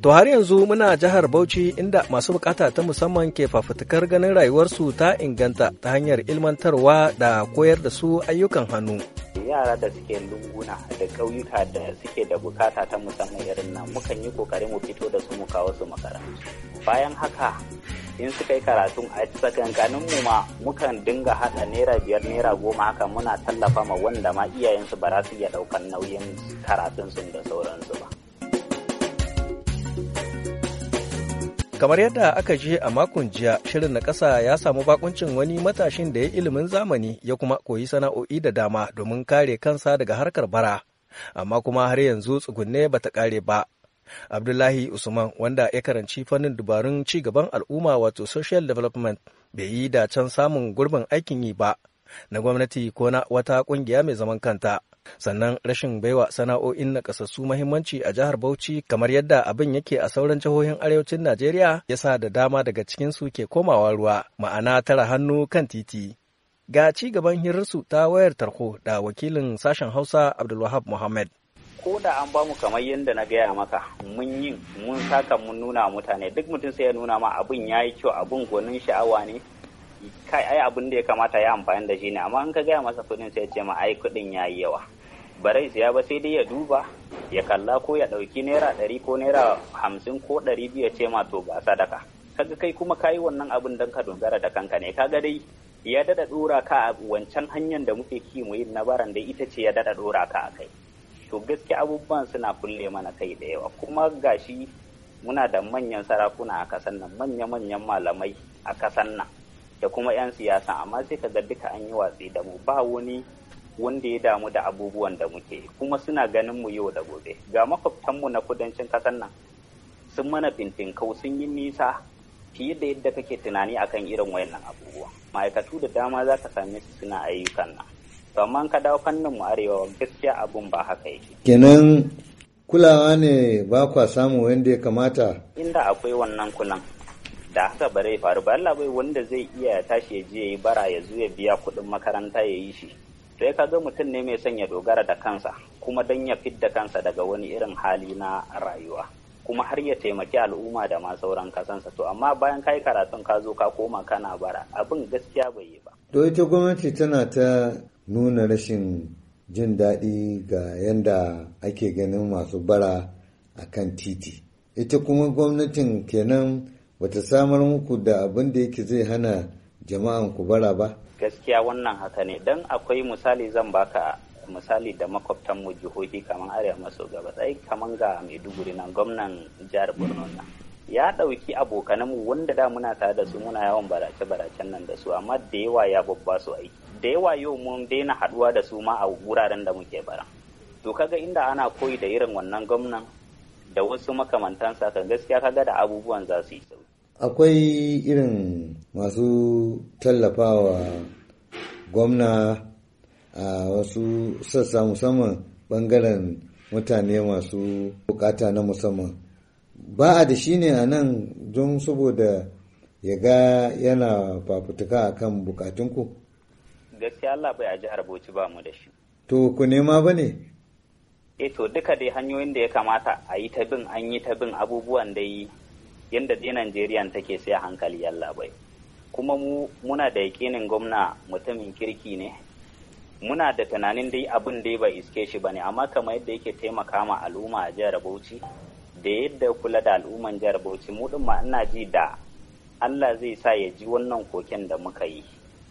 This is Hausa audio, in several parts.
To har yanzu muna jihar Bauchi inda masu bukata ta musamman ke fafutukar ganin rayuwarsu ta inganta ta hanyar ilmantarwa da koyar da su ayyukan hannu. Yara da suke lunguna da ƙauyuka da suke da bukata ta musamman irin nan mukan yi kokari mu fito da su mu kawo su makarantu. Bayan haka in suka yi karatun a tsakankanin mu ma mukan dinga haɗa naira biyar naira goma haka muna tallafa ma wanda ma iyayensu ba za su iya ɗaukan nauyin karatun karatunsu da sauransu ba. Kamar yadda aka je a makon jiya, shirin na kasa ya samu bakuncin wani matashin da ya ilimin zamani ya kuma koyi sana'o'i da dama domin kare kansa daga harkar bara. Amma kuma har yanzu tsugunne bata kare ba. Abdullahi Usman wanda ya karanci fannin dubarun ci gaban al'umma wato social development bai yi da can samun gurbin aikin yi ba na gwamnati ko na wata kungiya mai zaman kanta. sannan rashin baiwa sana'o'in nakasassu muhimmanci mahimmanci a jihar Bauchi kamar yadda abin yake a sauran jihohin arewacin Najeriya yasa da dama daga cikinsu ke komawa ruwa ma'ana tara hannu kan titi. Ga ci gaban hirarsu ta wayar tarho da wakilin sashen Hausa Abdulwahab Muhammad. ko da an bamu kamar yadda na gaya maka mun yi mun saka mun nuna mutane duk mutum sai ya nuna ma abin ya yi kyau abin gonin sha'awa ne kai ai abin da ya kamata ya amfani da shi ne amma in ka gaya masa kuɗin sai ce ma ai kuɗin ya yi yawa barai siya ba sai dai ya duba ya kalla ko ya ɗauki naira ɗari ko naira hamsin ko ɗari biyu ya ce ma to ba sadaka kaga kai kuma kayi wannan abin don ka dogara da kanka ne kaga dai ya dada ɗora ka a wancan hanyar da muke ki mu yin na baran da ita ce ya dada ɗora ka a kai to gaske abubuwan suna kulle mana kai da yawa kuma gashi muna da manyan sarakuna a kasan nan manya-manyan malamai a kasan nan da kuma 'yan siyasa amma sai ka ga duka an yi watsi da mu ba wani wanda ya damu da abubuwan da muke kuma suna ganin mu yau da gobe ga makwabtanmu na kudancin kasar nan sun mana fintinkau sun yi nisa fiye da yadda kake tunani akan irin wayannan abubuwa ma'aikatu da dama za ka same su suna ayyukan nan to amma ka dawo fannin mu arewa gaskiya abun ba haka yake kenan kulawa ne ba kwa samu wanda ya kamata inda akwai wannan kulan da haka ba zai faru ba Allah bai wanda zai iya ya tashi ya je ya yi bara ya zo ya biya kuɗin makaranta ya yi shi sai ka ga mutum ne mai son ya dogara da kansa kuma don ya fidda kansa daga wani irin hali na rayuwa kuma har ya taimaki al'umma da ma sauran kasansa to amma bayan kai karatun ka zo ka koma kana bara abin gaskiya bai yi ba to ita gwamnati tana ta nuna rashin jin daɗi ga yanda ake ganin masu bara a kan titi ita kuma gwamnatin kenan bata samar muku da abin da yake zai hana jama'an ku bara ba gaskiya wannan haka ne dan akwai misali zan baka misali da makwabtan mu jihohi kamar arewa maso gabas ai kamar ga maiduguri nan gwamnan jihar borno nan ya ɗauki mu wanda da muna tare da su muna yawan barace baracen nan da su amma da yawa ya babba su aiki da yawa yau mun daina haɗuwa da su ma a wuraren da muke bara to kaga inda ana koyi da irin wannan gwamnan da wasu makamantansa kan gaskiya kaga da abubuwan za su yi sauki akwai irin masu tallafawa gwamna a wasu sassa musamman bangaren mutane masu bukata na musamman ba a da shi ne a nan don saboda ya ga yana fafutuka a kan bukatunku gaskiya Allah bai a jihar ba mu da shi to ku nema ba ne e to duka dai hanyoyin da ya kamata a yi ta bin an yi ta bin abubuwan da yi yadda dai Najeriya take sai hankali Allah bai kuma mu muna da yakinin gwamna mutumin kirki ne muna da tunanin dai abin dai bai iske shi bane amma kamar yadda yake taimaka ma al'umma a jihar Bauchi da yadda kula da al'umman jihar Bauchi mu din ma ina ji da Allah zai sa ya ji wannan koken da muka yi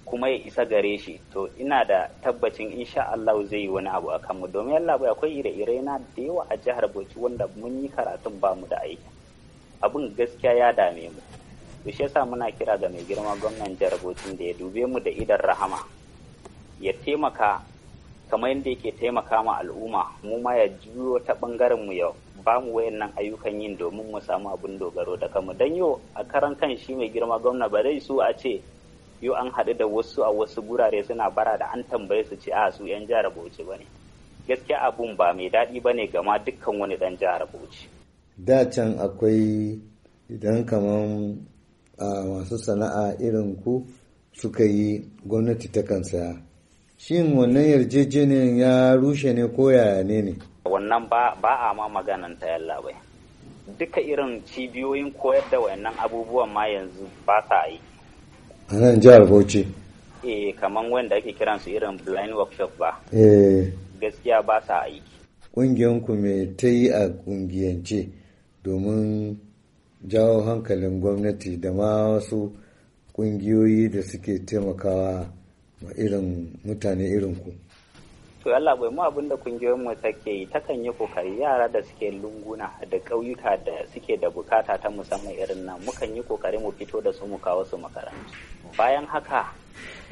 kuma ya isa gare shi to ina da tabbacin insha Allah zai yi wani abu a kanmu domin Allah akwai ire-ire na da yawa a jihar Bauchi wanda mun yi karatun ba mu da aiki abin gaskiya ya dame mu to shi yasa muna kira ga mai girma gwamnan jihar Bauchi da ya dube mu da idan rahama ya taimaka kamar yadda yake taimaka ma al'umma mu ma ya juyo ta bangaren mu yau ba mu wayannan ayyukan yin domin mu samu abin dogaro da kanmu dan yau a karan kan shi mai girma gwamna ba zai so a ce yau an haɗu da wasu a wasu gurare suna bara da an tambaye su ce a su yan jihar Bauchi bane gaskiya abun ba mai daɗi bane ne gama dukkan wani dan jihar Bauchi da can akwai idan kamar masu sana'a irin ku suka yi gwamnati ta kan saya shin wannan yarjejeniyar ya rushe ne ko yaya ne ne wannan ba a ma maganan ta yalla bai duka irin cibiyoyin koyar da wayannan abubuwan ma yanzu ba sa yi a nan jihar bauchi eh kamar wanda ake kiran su irin blind workshop ba eh gaskiya ba sa aiki ƙungiyanku me ta yi a ƙungiyance domin jawo hankalin gwamnati da ma wasu ƙungiyoyi da suke taimakawa ma irin mutane irin ku. to Allah bai mu abinda kungiyoyin mu take yi takan yi kokari yara da suke lunguna da ƙauyuka da suke da bukata ta musamman irin nan mukan yi kokari mu fito da su mu kawo su makarantu bayan haka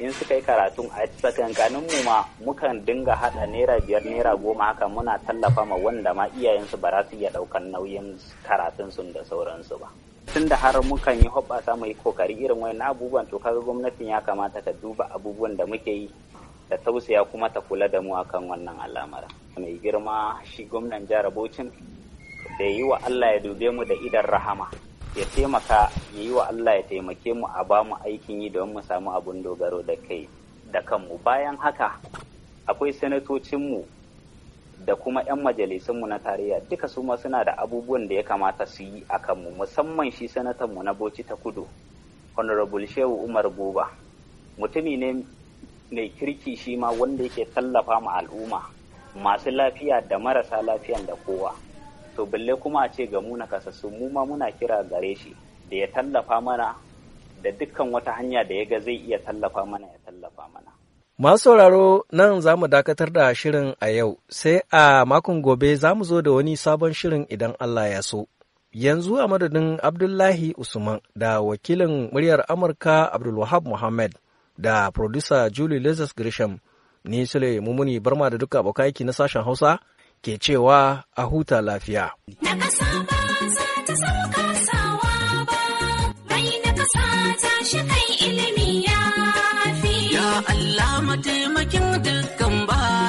in suka yi karatun a tsakankanin mu ma mukan dinga hada naira biyar naira goma haka muna tallafa ma wanda ma iyayensu ba za su iya daukan nauyin karatun sun da sauransu ba tun da har mukan yi hoɓɓasa mai kokari irin wani abubuwan to kaga gwamnatin ya kamata ta duba abubuwan da muke yi da tausaya kuma ta kula da mu akan wannan al'amara mai girma shi gwamnan jihar Bauchin da yi wa Allah ya dube mu da idan rahama ya taimaka yi wa Allah ya taimake mu a bamu aikin yi don mu samu abun dogaro da kai da kanmu bayan haka akwai sanatocinmu da kuma 'yan majalisunmu na tarayya duka su ma suna da abubuwan da ya kamata su yi a kanmu musamman shi sanatanmu na Bauchi ta Kudu Honorable Shehu Umar Buba mutumi ne mai kirki shi ma wanda yake tallafa ma al'umma masu lafiya da marasa lafiyan da kowa to balle kuma a ce ga mu na kasassu mu ma muna kira gare shi da ya tallafa mana da dukkan wata hanya da ya ga zai iya tallafa mana ya tallafa mana. Masu sauraro nan za mu dakatar da shirin a yau, sai a makon gobe za mu zo da wani sabon shirin idan Allah ya so. Yanzu a madadin Abdullahi Usman da wakilin muryar Amurka Abdulwahab Muhammad da produsa Julie Lazarus Grisham, ni Sule Mumuni Barma da duka abokan aiki na sashen Hausa ke cewa a huta lafiya. Na ƙasa ba za ta sauka kai ilimi ya fi. Ya Allah mataimakin